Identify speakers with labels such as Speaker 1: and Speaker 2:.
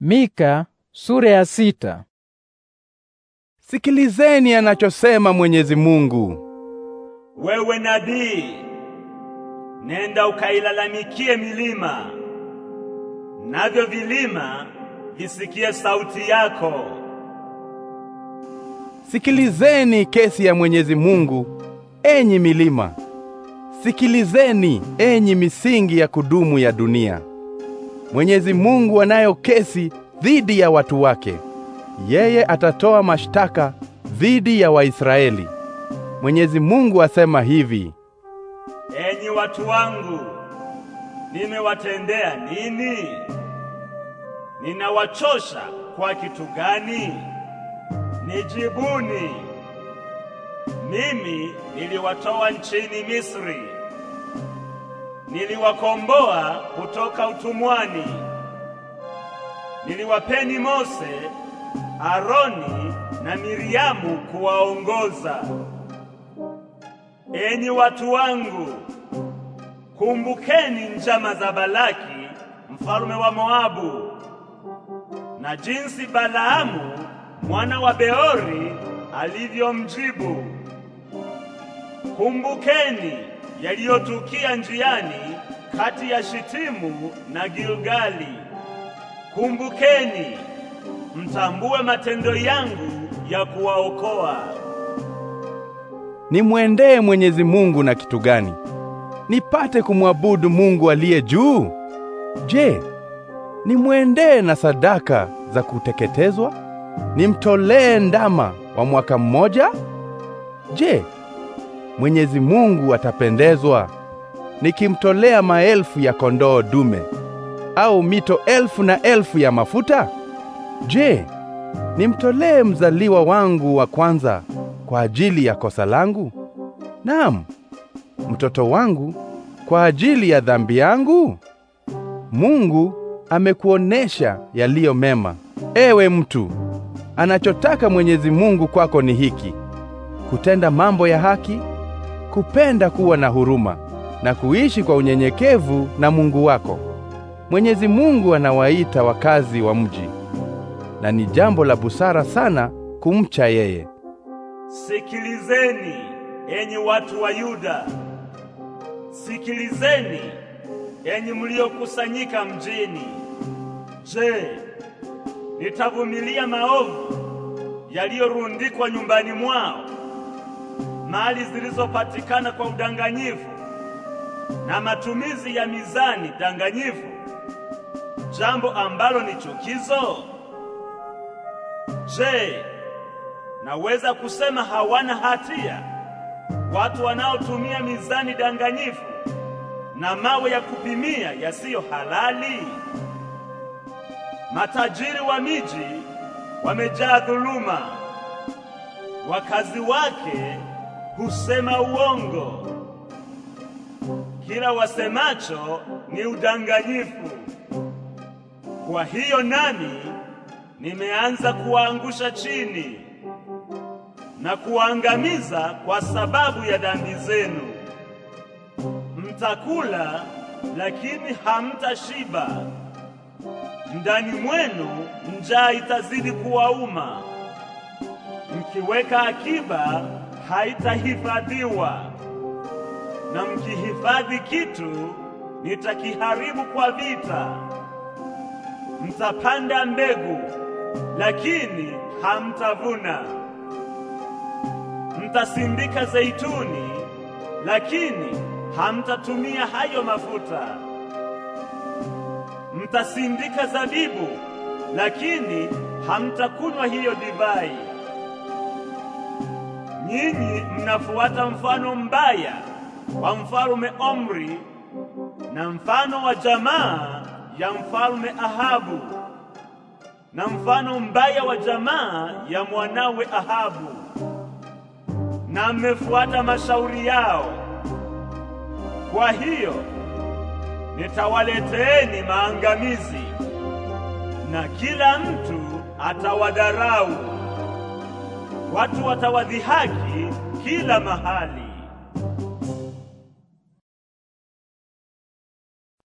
Speaker 1: Mika sura ya sita. Sikilizeni anachosema Mwenyezi Mungu.
Speaker 2: Wewe nabii, nenda ukailalamikie milima, navyo vilima visikie sauti yako.
Speaker 1: Sikilizeni kesi ya Mwenyezi Mungu, enyi milima. Sikilizeni enyi misingi ya kudumu ya dunia. Mwenyezi Mungu anayo kesi dhidi ya watu wake. Yeye atatoa mashtaka dhidi ya Waisraeli. Mwenyezi Mungu asema hivi:
Speaker 2: Enyi watu wangu, nimewatendea nini? Ninawachosha kwa kitu gani? Nijibuni. Mimi niliwatoa nchini Misri Niliwakomboa kutoka utumwani, niliwapeni Mose, Aroni na Miriamu kuwaongoza. Enyi watu wangu, kumbukeni njama za Balaki mfalme wa Moabu na jinsi Balaamu mwana wa Beori alivyomjibu. Kumbukeni yaliyotukia njiani kati ya Shitimu na Gilgali. Kumbukeni, mtambue matendo yangu ya kuwaokoa.
Speaker 1: Nimwendee Mwenyezi Mungu na kitu gani? Nipate kumwabudu Mungu aliye juu? Je, nimwendee na sadaka za kuteketezwa? Nimtolee ndama wa mwaka mmoja? Je, Mwenyezi Mungu atapendezwa nikimtolea maelfu ya kondoo dume au mito elfu na elfu ya mafuta? Je, nimtolee mzaliwa wangu wa kwanza kwa ajili ya kosa langu? Naam, mtoto wangu kwa ajili ya dhambi yangu? Mungu amekuonesha yaliyo mema. Ewe mtu, anachotaka Mwenyezi Mungu kwako ni hiki: kutenda mambo ya haki kupenda kuwa na huruma na kuishi kwa unyenyekevu na Mungu wako. Mwenyezi Mungu anawaita wakazi wa mji, na ni jambo la busara sana kumcha yeye.
Speaker 2: Sikilizeni enyi watu wa Yuda, sikilizeni enyi mliokusanyika mjini. Je, nitavumilia maovu yaliyorundikwa nyumbani mwao mali zilizopatikana kwa udanganyifu na matumizi ya mizani danganyifu, jambo ambalo ni chukizo? Je, naweza kusema hawana hatia watu wanaotumia mizani danganyifu na mawe ya kupimia yasiyo halali? Matajiri wa miji wamejaa dhuluma, wakazi wake husema uongo, kila wasemacho ni udanganyifu. Kwa hiyo nami nimeanza kuwaangusha chini na kuwaangamiza kwa sababu ya dhambi zenu. Mtakula lakini hamtashiba, ndani mwenu njaa itazidi kuwauma. Mkiweka akiba haitahifadhiwa, na mkihifadhi kitu nitakiharibu kwa vita. Mtapanda mbegu lakini hamtavuna, mtasindika zeituni lakini hamtatumia hayo mafuta, mtasindika zabibu lakini hamtakunywa hiyo divai nyinyi mnafuata mfano mbaya wa mfalme Omri na mfano wa jamaa ya mfalme Ahabu na mfano mbaya wa jamaa ya mwanawe Ahabu, na mmefuata mashauri yao. Kwa hiyo nitawaleteeni maangamizi na kila mtu atawadharau watu watawadhihaki kila mahali.